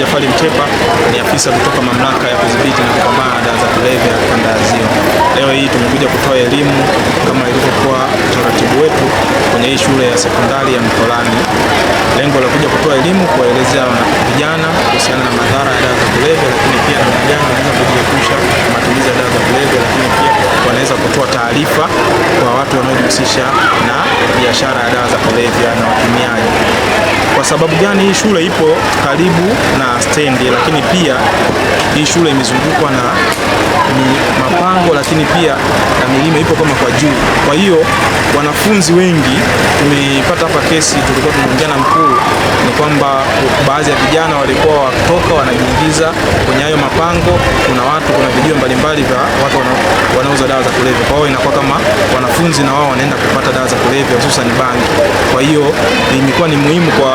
Jafari Mtepa ni afisa kutoka mamlaka ya kudhibiti na kupambana na dawa za kulevya kanda ya Ziwa. Leo hii tumekuja kutoa elimu kama ilivyokuwa utaratibu wetu kwenye hii shule ya sekondari ya Mkolani. Lengo la kuja kutoa elimu, kuwaelezea vijana kuhusiana na madhara ya dawa za kulevya, lakini pia na vijana wanaweza kujiepusha matumizi ya dawa za kulevya, lakini pia wanaweza kutoa taarifa kwa watu wanaojihusisha na biashara ya dawa za kulevya na watumiaji sababu gani? Hii shule ipo karibu na stendi, lakini pia hii shule imezungukwa na mapango, lakini pia na milima ipo kama kwa juu. Kwa hiyo wanafunzi wengi tumepata hapa kesi, tulikuwa tunaongea na mkuu, ni kwamba baadhi ya vijana walikuwa wakitoka wanajiingiza kwenye hayo mapango. Kuna watu, kuna vijio mbalimbali vya watu wanao wanauza dawa za kulevya. Kwa hiyo inakuwa kama wanafunzi na wao wanaenda kupata dawa za kulevya hususan bangi. Kwa hiyo imekuwa ni muhimu kwa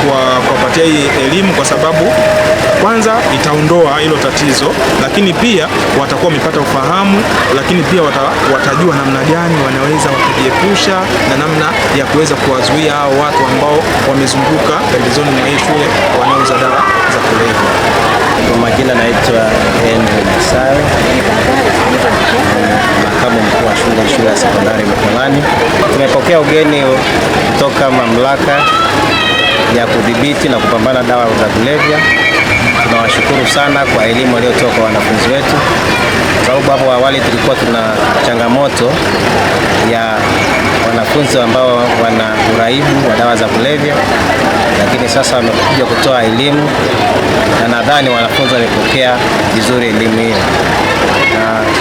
kuwapatia hii elimu kwa sababu kwanza itaondoa hilo tatizo, lakini pia watakuwa wamepata ufahamu, lakini pia wata, watajua namna gani wanaweza wakajiepusha na namna ya kuweza kuwazuia hao watu ambao wamezunguka pembezoni mwa hii shule wanauza dawa za kulevya. Kwa majina naitwa Henry Masawe. Mkwasu, makamu mkuu wa shule shule ya sekondari Mkolani. Tumepokea ugeni kutoka mamlaka ya kudhibiti na kupambana dawa za kulevya. Tunawashukuru sana kwa elimu waliotoa kwa wanafunzi wetu, kwa sababu hapo awali tulikuwa tuna changamoto ya wanafunzi ambao wana uraibu wa dawa za kulevya, lakini sasa wamekuja kutoa elimu na nadhani wanafunzi wamepokea vizuri elimu hiyo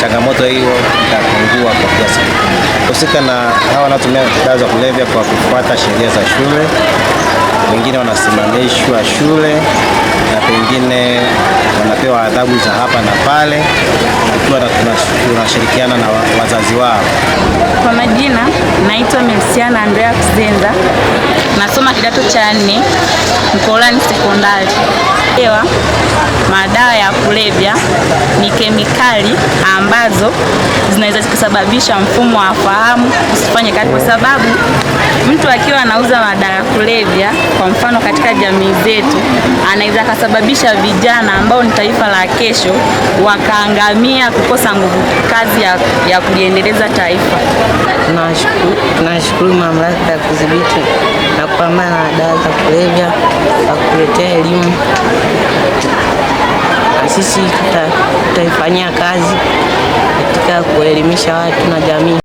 changamoto hiyo itapungua kwa kiasi kikubwa. Husika na hawa wanaotumia dawa za kulevya kwa kufuata sheria za shule, wengine wanasimamishwa shule na pengine wanapewa adhabu za hapa na pale, tukiwa tunashirikiana na wazazi wao. Kwa majina naitwa mesiana Andrea Kuzenza, nasoma kidato cha nne Mkolani Sekondari. Dawa, madawa ya kulevya ni kemikali ambazo zinaweza zikasababisha mfumo wa fahamu usifanye kazi, kwa sababu mtu akiwa anauza madawa ya kulevya, kwa mfano katika jamii zetu, anaweza akasababisha vijana ambao ni taifa la kesho wakaangamia, kukosa nguvu kazi ya, ya kujiendeleza taifa. Tunashukuru mamlaka ya kudhibiti na kupambana na dawa za kulevya kwa kuletea elimu na sisi tutaifanyia kazi katika kuelimisha watu na jamii.